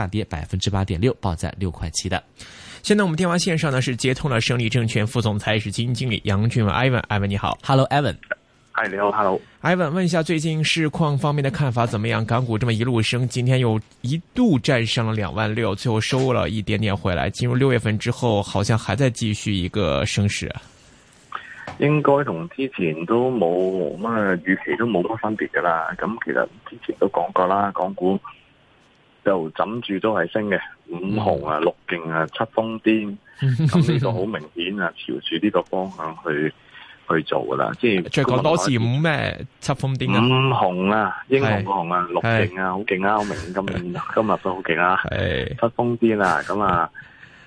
下跌百分之八點六，報在六塊七的。現在我們電話綫上呢是接通了勝利證券副總裁，是基金經理楊俊文 Ivan，Ivan Ivan Ivan 你好，Hello Ivan，嗨，Hi, 你好，Hello Ivan，問一下最近市況方面的看法怎麼樣？港股這麼一路升，今天又一度站上了兩萬六，最後收了一點點回來。進入六月份之後，好像還在繼續一個升勢。應該同之前都冇乜預期都冇乜分別噶啦。咁、嗯、其實之前都講過啦，港股。就枕住都係升嘅，五雄啊，六勁啊，七瘋癲，咁呢個好明顯啊，朝住呢個方向去去做噶啦，即係再講多次五咩七瘋癲五雄啊，英雄個雄啊，六勁啊，好勁啊，好明顯今今日都好勁啊，七瘋癲啊，咁啊，啊，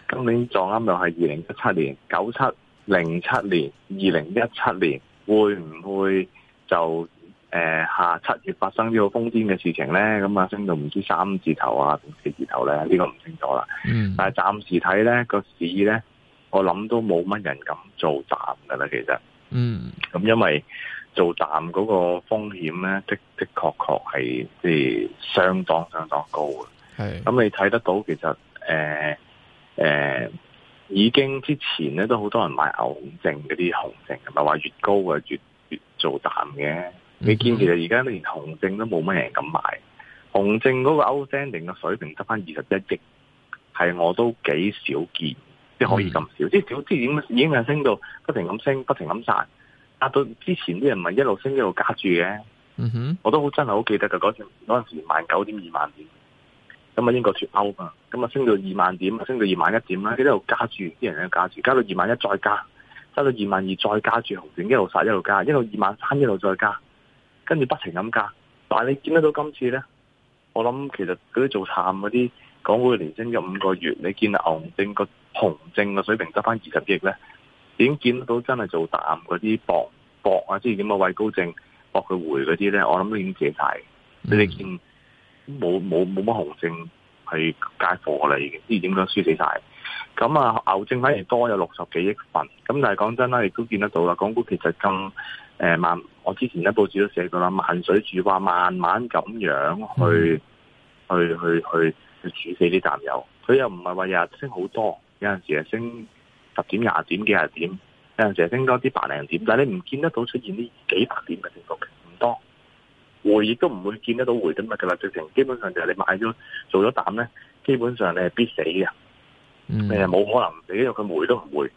今年撞啱又係二零一七年九七零七年二零一七年會唔會就？誒、呃，下七月發生呢個瘋癲嘅事情咧，咁、嗯、啊升到唔知道三字頭啊，四字頭咧，呢、這個唔清楚啦。嗯但是暫，但係暫時睇咧，個市咧，我諗都冇乜人敢做淡㗎啦，其實。嗯。咁因為做淡嗰個風險咧，的的確確係是，是相當相當高嘅。係。咁你睇得到，其實誒誒、呃呃，已經之前咧都好多人買牛證嗰啲紅證，唔係話越高嘅越越做淡嘅。你、嗯、見其實而家連紅證都冇乜人敢買，紅證嗰個 Outstanding 嘅水平得翻二十一億，係我都幾少見，即係可以咁少，即係少即係已經升到不停咁升，不停咁殺，加到之前啲人咪一路升一路加住嘅，嗯、哼，我都好真係好記得嘅嗰陣嗰時萬九點二萬點，咁啊英國脱歐啊，咁啊升到二萬點，升到二萬一點啦，一路加住啲人一路加住，加到二萬一再加，加到二萬二再加住紅證，一路殺，一路加，一路二萬三一路再加。跟住不停咁加，但係你見得到今次咧，我諗其實嗰啲做淡嗰啲港股年升咗五個月，你見牛證個紅證個水平得翻二十億咧，已經見得到真係做淡嗰啲博博啊即係點啊畏高證博佢回嗰啲咧？我諗都已經借晒、嗯。你哋見冇冇冇乜紅證去街貨啦，已經即係點樣輸死晒。咁啊牛證反而多有六十幾億份，咁但係講真啦，亦都見得到啦，港股其實更。誒、嗯，我之前咧，報紙都寫過啦，慢水煮蛙慢慢咁樣去，嗯、去去去煮死啲淡友。佢又唔係話日日升好多，有陣時係升十點廿點幾廿點，有陣時係升多啲百零點，但係你唔見得到出現呢幾百點嘅情況，唔多。回亦都唔會見得到回得部嘅啦，直情基本上就係你買咗做咗淡咧，基本上你係必死嘅，誒、嗯、冇、呃、可能死，因為佢回都唔回，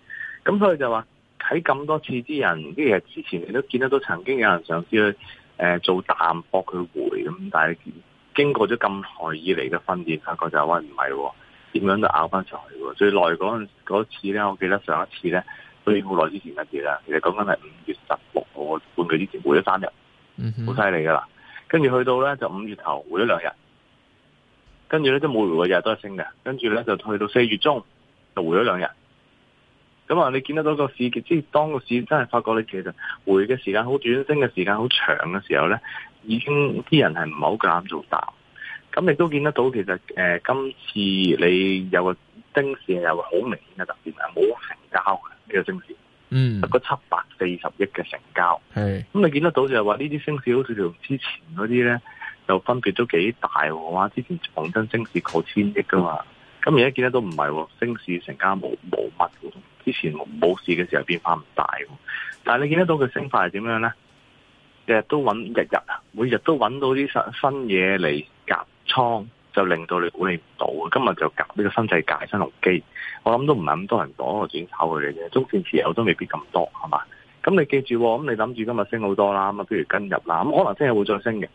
咁所以就話。喺咁多次啲人，啲嘢之前你都見得到，曾經有人嘗試去誒、呃、做淡搏佢回咁，但係經過咗咁耐以嚟嘅訓練，發覺就係話唔係，點樣都拗翻上去喎。最耐嗰陣次咧，我記得上一次咧，都已經好耐之前一次啦，其實講緊係五月十六號，半個月之前回咗三日，好犀利噶啦。跟住去到咧就五月頭回咗兩日，跟住咧都冇回，日日都係升嘅，跟住咧就去到四月中就回咗兩日。咁啊，你見得到個市，即係當個市真係發覺你其實回嘅時間好短，升嘅時間好長嘅時候咧，已經啲人係唔係好夠膽做答。咁你都見得到其實誒、呃，今次你有個升市係有個好明顯嘅特別，係冇成交嘅呢、這個升市，嗯，得個七百四十億嘅成交，咁、mm. 你見得到就係話呢啲升市好似同之前嗰啲咧，就分別都幾大喎，啊？話之前重增升市過千億噶嘛。咁而家見得到唔係喎，升市成家冇冇乜嘅，之前冇市嘅時候變化唔大，但係你見得到佢升法係點樣咧？日日都揾，日日啊，每日都揾到啲新新嘢嚟夾倉，就令到你估你唔到嘅。今日就夾呢個新世界、新鴻基，我諗都唔係咁多人講我轉炒佢哋嘅，中線持有都未必咁多，係嘛？咁你記住，咁你諗住今日升好多啦，咁啊，譬如今日啦，咁可能聽日會再升嘅。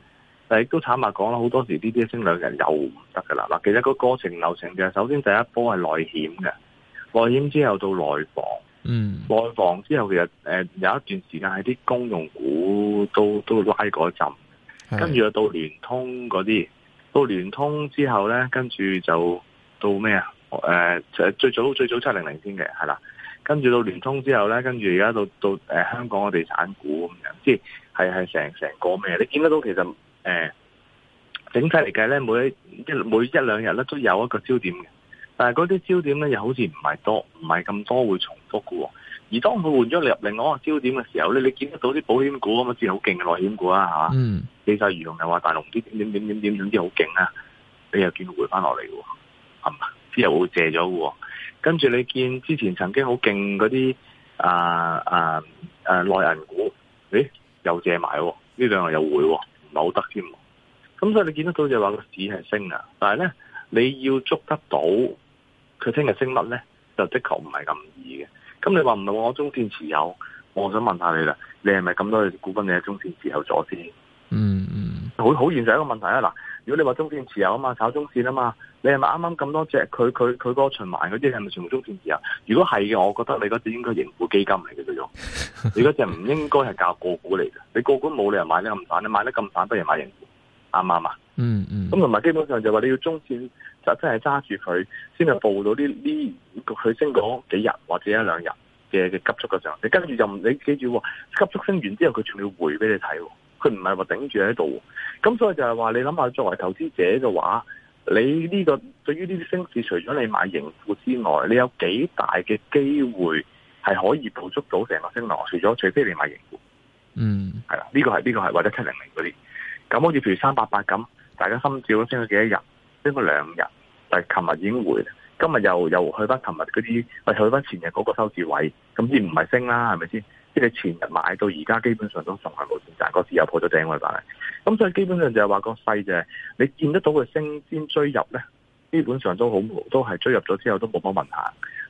但係都坦白講啦，好多時呢啲升兩日又唔得噶啦。嗱，其實個過程流程嘅，首先第一波係內險嘅，內險之後到內房，嗯，內房之後其實、呃、有一段時間係啲公用股都都拉嗰浸。跟住又到聯通嗰啲，到聯通之後咧，跟住就到咩啊、呃？最早最早七零零先嘅，係啦，跟住到聯通之後咧，跟住而家到到，到、呃、香港嘅地產股咁樣，即係係成成個咩？你見得到其實。誒，整體嚟計咧，每一每一兩日咧，都有一個焦點嘅。但係嗰啲焦點咧，又好似唔係多，唔係咁多會重複喎。而當佢換咗入另外一個焦點嘅時候咧，你見得到啲保險股咁樣，好似好勁嘅內險股啊，吓。嗯，你就如同樣話大龍點點點點點點啲好勁啊，你又見佢回翻落嚟係係嘛，之後會借咗喎。跟住你見之前曾經好勁嗰啲啊啊誒、啊、內銀股，誒、哎、又借埋呢兩個又會。冇得添，咁所以你見得到就話個市係升啊，但係咧你要捉得到佢聽日升乜咧，就的確唔係咁易嘅。咁你話唔係我中線持有，我想問下你啦，你係咪咁多股份你係中線持有咗先？嗯嗯，好好現實一個問題啊嗱。如果你話中線持有啊嘛，炒中線啊嘛，你係咪啱啱咁多隻？佢佢佢，個循環嗰啲係咪全部中線持有？如果係嘅，我覺得你嗰隻應該盈富基金嚟,嘅嗰種，你嗰隻唔應該係教個股嚟嘅。你個股冇理由買得咁反，你買得咁反，不如買盈富，啱唔啱啊？嗯嗯。咁同埋基本上就話你要中線，就真係揸住佢，先、就、係、是、報到呢呢，佢升嗰幾日或者一兩日嘅嘅急速嘅時候，你跟住就你記住、哦，急速升完之後，佢仲要回俾你睇、哦。佢唔係話頂住喺度，咁所以就係話你諗下，作為投資者嘅話，你呢個對於呢啲升市，除咗你買盈富之外，你有幾大嘅機會係可以捕捉到成個升浪？除咗除非你買盈富，嗯，係啦，呢個係呢個係或者七零零嗰啲，咁好似譬如三八八咁，大家心照都升咗幾多日？升咗兩日，但係琴日已經回，今日又又去翻琴日嗰啲，喂去翻前日嗰個收市位，咁自然唔係升啦，係咪先？即係你前日買到而家基本上都實係冇錢賺，嗰時又破咗頂位版。咁所以基本上就係話個勢就係你見得到佢升先追入咧，基本上都好都係追入咗之後都冇乜問題。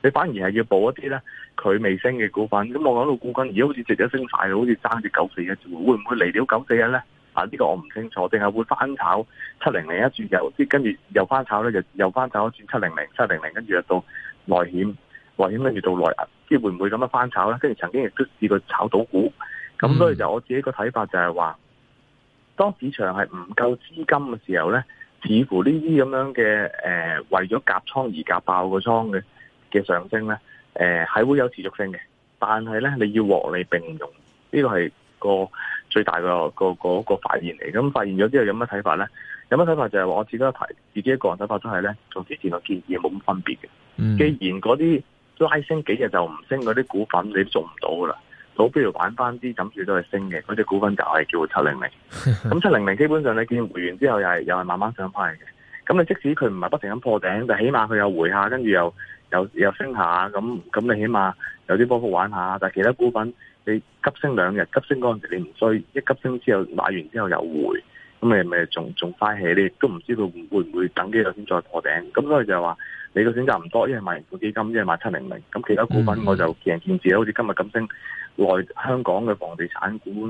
你反而係要補一啲咧，佢未升嘅股份。咁我講到股份而家好似直一升曬，好似爭住九四一住，94, 會唔會嚟到九四一咧？啊，呢、呢個我唔清楚，定係會翻炒七零零一轉又，即跟住又翻炒咧，又又翻炒一轉七零零七零零，跟住入到內險。話應樣要到內，即係會唔會咁樣翻炒咧？跟住曾經亦都試過炒到股。咁所以就我自己個睇法，就係話，當市場係唔夠資金嘅時候咧，似乎呢啲咁樣嘅誒，為咗夾倉而夾爆個倉嘅嘅上升咧，誒係會有持續性嘅。但係咧，你要獲利並唔容易，呢個係個最大個個個個發現嚟。咁發現咗之後有乜睇法咧？有乜睇法就係話，我自己一提自己個人睇法都係咧，同之前我建議冇咁分別嘅。既然嗰啲。都拉升幾日就唔升嗰啲股份，你了了，你做唔到噶啦。好，不如玩翻啲諗住都係升嘅嗰隻股份，就係叫七零零。咁 七零零基本上你見回完之後又，又係又係慢慢上翻嚟嘅。咁你即使佢唔係不停咁破頂，但起碼佢又回下，跟住又又又升下。咁咁你起碼有啲波幅玩下。但其他股份，你急升兩日，急升嗰陣時你唔衰，一急升之後買完之後又回。咁你咪仲仲快起啲，都唔知道會唔會等幾日先再破頂。咁所以就係話，你個選擇唔多，一係買盈富基金，一係買七零零。咁其他股份我就見仁見智，好似今日咁升，內香港嘅房地產股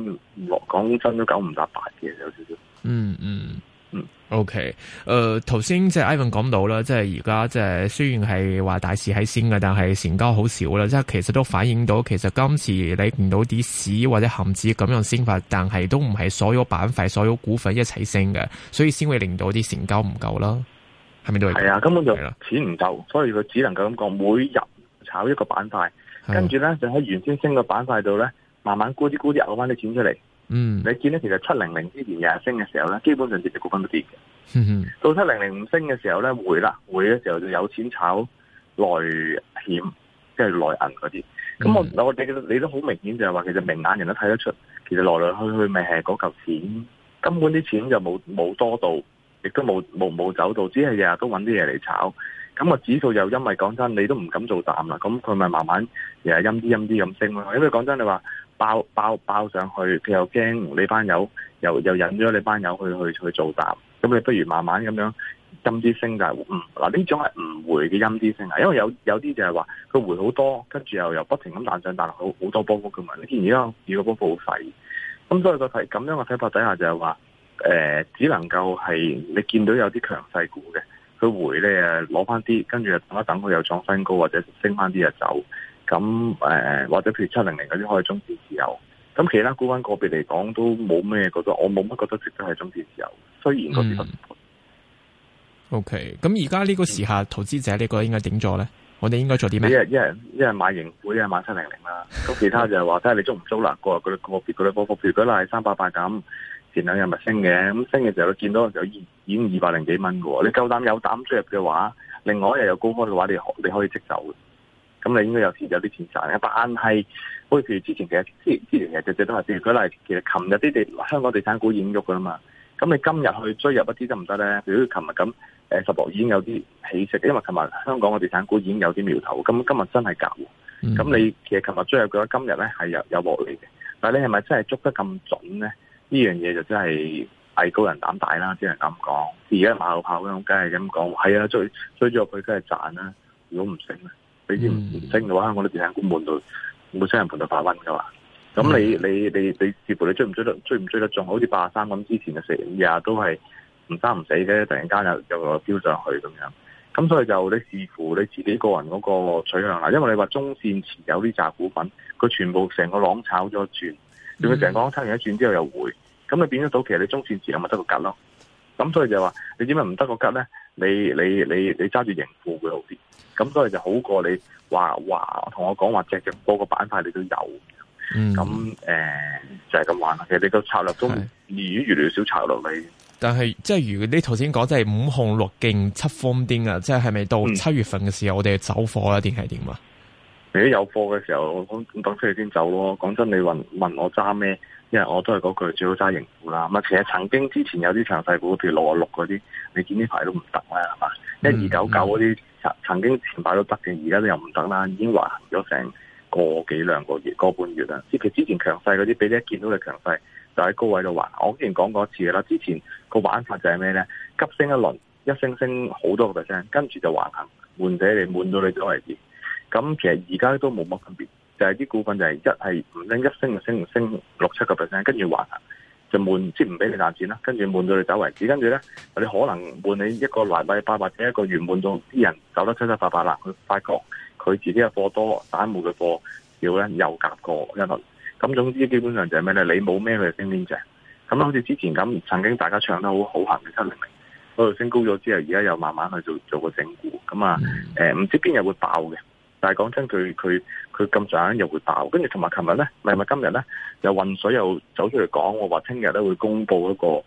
落港真都九唔搭八嘅，有少少。嗯嗯。嗯，OK，誒、呃，頭先即係 Ivan 講到啦，即係而家即係雖然係話大市喺升嘅，但係成交好少啦，即係其實都反映到，其實今次你見到啲市或者甚至咁樣升法，但係都唔係所有板塊、所有股份一齊升嘅，所以先會令到啲成交唔夠啦，係咪都係咁？係啊，根本就錢唔夠，所以佢只能夠咁講，每日炒一個板塊，跟住咧就喺原先升嘅板塊度咧，慢慢沽啲沽啲，嘔翻啲錢出嚟。嗯，你見到其實七零零之前日日升嘅時候咧，基本上隻隻股份都跌嘅。嗯，到七零零五升嘅時候咧，回啦，回嘅時候就有錢炒內險，即係內銀嗰啲。咁我我哋你你都好明顯就係話，其實明眼人都睇得出，其實來來去去咪係嗰嚿錢，根本啲錢就冇冇多到，亦都冇冇冇走到，只係日日都揾啲嘢嚟炒。咁個指數又因為講真，你都唔敢做淡啦，咁佢咪慢慢日日陰啲陰啲咁升咯。因為講真你話。包包包上去，佢又驚你班友又又引咗你班友去去去做答。咁你不如慢慢咁樣陰啲聲。就唔嗱呢種係唔回嘅陰啲聲，啊，因為有有啲就係話佢回好多，跟住又又不停咁彈上彈落，好好多波幅嘅嘛。你見唔見到？如果波幅好細，咁所以個睇咁樣嘅睇法底下就係話，誒、呃、只能夠係你見到有啲強勢股嘅，佢回咧攞翻啲，跟住等一等佢又撞新高或者升翻啲就走。咁誒，或者譬如七零零嗰啲可以中止自由。咁其他股份個別嚟講都冇咩覺得，我冇乜覺得值得係中止自由。雖然嗰啲，O K。咁而家呢個時下投資者，你覺得應該點做咧？我哋應該做啲咩？一一係一係買盈富，一係買七零零啦。咁其他就係話睇下你租唔租啦。過嚟佢哋個別佢哋波幅，譬如嗰日係三百八咁，前兩日咪升嘅，咁升嘅時候你見到有二已經二百零幾蚊嘅喎。你夠膽有膽追入嘅話，另外一日有高開嘅話，你你可以即走。咁你應該有錢有啲錢賺嘅，但係好似，譬如之前，之前，之前其實，之之前其實只只都係，譬如其實琴日啲地香港地產股已經喐噶啦嘛。咁你今日去追入一啲得唔得咧？譬如琴日咁，誒十博已經有啲起色，因為琴日香港嘅地產股已經有啲苗頭。咁今日真係急，咁、嗯、你其實琴日追入嘅話，今日咧係有有獲利嘅。但係你係咪真係捉得咁準咧？呢樣嘢就真係藝高人膽大啦，只能咁講。而家馬後炮咁梗係咁講，係、哎、啊，追追咗佢梗係賺啦。如果唔成咧？你啲唔升嘅話，mm-hmm. 香港啲地產股悶到，冇錢人盤到發瘟噶嘛？咁你你你你，mm-hmm. 你你你你視乎你追唔追得，追唔追得仲好似八十三咁？之前嘅成日都係唔生唔死嘅，突然間又又飆上去咁樣。咁所以就你視乎你自己個人嗰個取向啦。因為你話中線持有呢紮股份，佢全部成個浪炒咗轉，你要成個浪炒完一轉之後又回，咁你變咗到其實你中線持有咪得個吉咯？咁所以就話你點解唔得個吉咧？你你你你揸住盈富會好啲，咁所以就好過你話話同我講話隻隻嗰個板塊你都有，咁、嗯、誒、呃、就係、是、咁玩，其實你個策略，都越嚟越少策略，你但係即係如果你頭先講，即係五雄六勁七瘋癲啊，即係係咪到七月份嘅時候我要，我哋走貨咧定係點啊？如果有貨嘅時候，我等佢先走咯。講真，你問問我揸咩？因為我都係嗰句，最好揸盈富啦。咁啊，其實曾經之前有啲強勢股，譬如六啊六嗰啲，你見呢排都唔得啦，係、嗯、嘛？一二九九嗰啲曾曾經前排都得嘅，而家都又唔得啦，已經橫行咗成個幾兩個月、個半月啦。即佢之前強勢嗰啲，俾你一見到你強勢，就喺高位度橫。我之前講過一次啦，之前個玩法就係咩咧？急升一輪，一升升好多個 percent，跟住就橫行，緩者你緩到你走為止。咁其實而家都冇乜分別，就係、是、啲股份就係一係唔升一升就升，升六七個 percent，跟住還就悶，即係唔俾你賺錢啦。跟住悶到你走為止，跟住咧你可能悶你一個禮拜八百，或者一個月悶咗啲人走得七七八八啦，佢發覺佢自己嘅貨多，散戶嘅貨少咧，又夾過一輪。咁總之基本上就係咩咧？你冇咩嘅升跌嘅，咁啊好似之前咁曾經大家唱得好好行七零零嗰度升高咗之後，而家又慢慢去做做個整固咁啊？誒、mm-hmm. 唔、呃、知邊日會爆嘅。但係講真，佢佢佢咁上下又會爆，跟住同埋琴日咧，唔係咪今日咧，又混水又走出嚟講，我話聽日咧會公布一個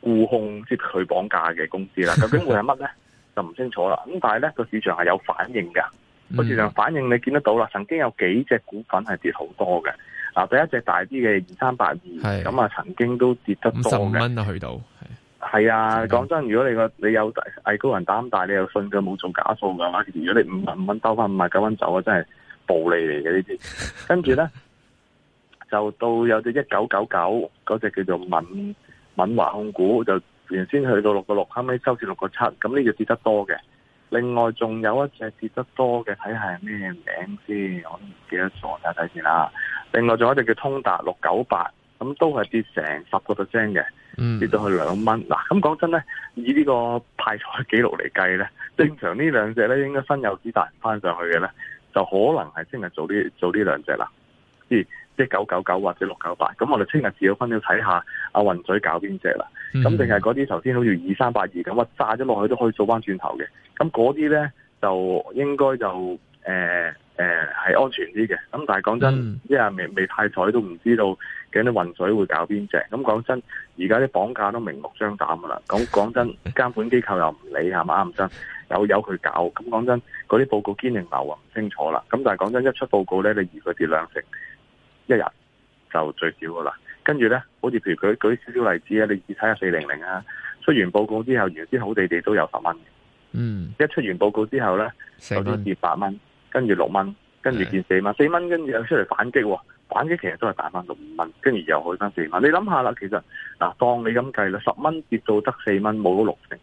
沽空即係佢綁架嘅公司啦。究竟會係乜咧？ 就唔清楚啦。咁但係咧個市場係有反應噶，個市場反應你見得到啦。曾經有幾隻股份係跌好多嘅。嗱，第一隻大啲嘅二三八二，咁、嗯、啊曾經都跌得五十五蚊啊去到。係啊，講真，如果你個你有藝高人膽大，你又信佢冇做假數嘅話，其實如果你五萬五蚊兜翻五萬九蚊走啊，真係暴利嚟嘅呢啲。跟住咧，就到有隻一九九九嗰隻叫做敏敏華控股，就原先去到六個六，後尾收至六個七，咁呢隻跌得多嘅。另外仲有一隻跌得多嘅，睇下係咩名先，我唔記得咗，睇睇先啦。另外仲有一隻叫通達六九八。咁、嗯、都係跌成十個 percent 嘅，跌到去兩蚊。嗱、啊，咁講真咧，以呢個派彩記錄嚟計咧，正常呢兩隻咧應該分有幾大翻上去嘅咧，就可能係聽日做呢做呢兩隻啦。即係即九九九或者六九八。咁我哋聽日早分要睇下阿雲水搞邊隻啦。咁定係嗰啲頭先好似二三八二咁，哇炸咗落去都可以做翻轉頭嘅。咁嗰啲咧就應該就誒誒係安全啲嘅。咁但係講真，一、嗯、係未未派彩都唔知道。啲混水會搞邊隻？咁講真，而家啲綁架都明目張膽噶啦。咁講真，監管機構又唔理，係咪啱唔真？有有佢搞。咁講真，嗰啲報告堅定流啊，唔清楚啦。咁但係講真，一出報告咧，你如果跌兩成一，一日就最少噶啦。跟住咧，好似譬如舉舉少少例子啊，你試睇下四零零啊，出完報告之後，原先好地地都有十蚊。嗯。一出完報告之後咧，有啲跌八蚊，跟住六蚊，跟住跌四蚊，四蚊跟住又出嚟反擊，玩嘅其實都係大翻六五蚊，跟住又去翻四蚊。你諗下啦，其實嗱，當你咁計啦，十蚊跌到得四蚊，冇咗六成。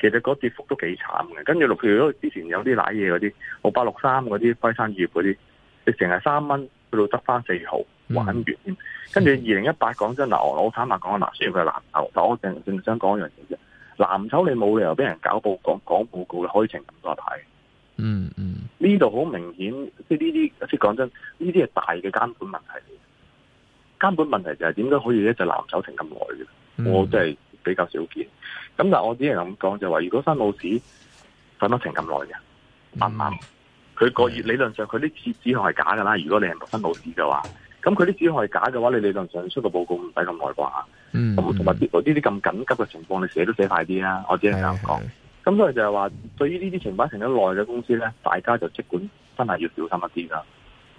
其實嗰跌幅都幾慘嘅。跟住六，譬如之前有啲瀨嘢嗰啲，六百六三嗰啲輝山業嗰啲，你成係三蚊去到得翻四毫，玩完。嗯、跟住二零一八講真嗱，我坦白講啊，嗱，雖然佢係藍籌，但我正正想講一樣嘢啫。藍籌你冇理由俾人搞報講講報告嘅開成咁多睇。嗯嗯，呢度好明顯，即係呢啲即係講真，呢啲係大嘅監管問題嚟。監管問題就係點解可以一隻難手停咁耐嘅？我真係比較少見。咁但我只係咁講就話，如果新老紙瞓得停咁耐嘅，啱唔啱？佢、嗯嗯、個理論上佢啲指指控係假噶啦。如果你係新老紙嘅話，咁佢啲指控係假嘅話，你理論上出個報告唔使咁耐啩。嗯。同埋呢啲咁緊急嘅情況，你寫都寫快啲啦。我只係咁講。嗯嗯嗯嗯。咁所以就係話，對於呢啲停牌停咗耐嘅公司呢，大家就即管真係要小心一啲啦，啊。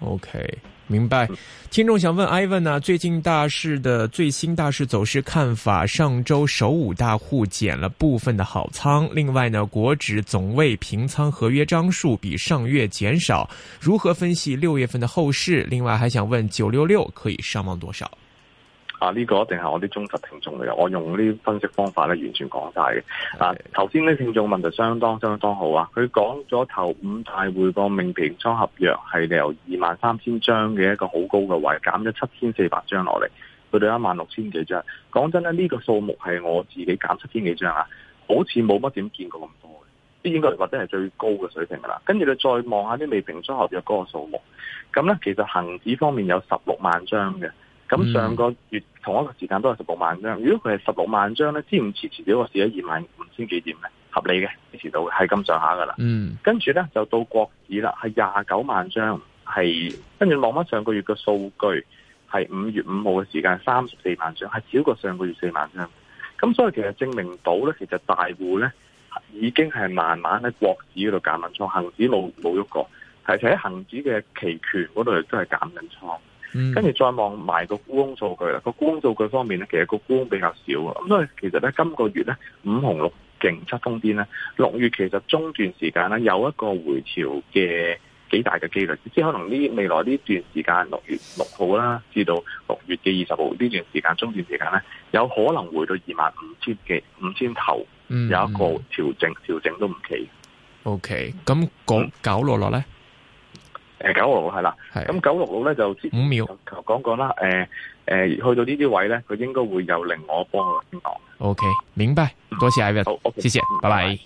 OK，明白。聽眾想問 Ivan 呢、啊，最近大市的最新大市走勢看法，上周首五大戶減了部分的好倉，另外呢，國指總未平倉合約張數比上月減少，如何分析六月份的後市？另外，還想問九六六可以上望多少？啊！呢個一定係我啲忠實聽眾嚟嘅，我用呢啲分析方法咧，完全講晒嘅。啊，頭先呢聽眾問題就就相當相當好啊！佢講咗頭五大回報命平倉合約係由二萬三千張嘅一個好高嘅位減咗七千四百張落嚟，去到一萬六千幾張。講真咧，呢個數目係我自己減七千幾張啊，好似冇乜點見過咁多嘅，應該或者係最高嘅水平㗎啦。跟住你再望下啲未平倉合約嗰個數目，咁咧其實恆指方面有十六萬張嘅。咁、嗯、上個月同一個時間都係十六萬張，如果佢係十六萬張咧，之前遲遲到個時喺二萬五千幾點咧，合理嘅持到係咁上下噶啦。嗯，跟住咧就到國指啦，係廿九萬張，係跟住望翻上個月嘅數據，係五月五號嘅時間三十四萬張，係少過上個月四萬張。咁所以其實證明到咧，其實大戶咧已經係慢慢喺國指嗰度減緊倉，恆指冇冇喐過，係喺恆指嘅期權嗰度亦都係減緊倉。嗯、跟住再望埋個沽空數據啦，個沽空數據方面咧，其實個沽空比較少啊。咁所以其實咧，今、這個月咧，五雄六勁七瘋癲，咧，六月其實中段時間咧，有一個回潮嘅幾大嘅幾率，即係可能呢未來呢段時間六月六號啦，至到六月嘅二十號呢段時間中段時間咧，有可能回到二萬五千幾五千頭，有一個調整，嗯、調，整調整都唔奇。O K。咁講九落落咧？嗯嗯誒、呃，九六六，係啦，係咁九六六咧就五秒，講講啦，誒誒、呃呃，去到呢啲位咧，佢應該會有令我幫我。OK，明白，多謝 Ivan，好 okay, 謝謝，拜拜。拜拜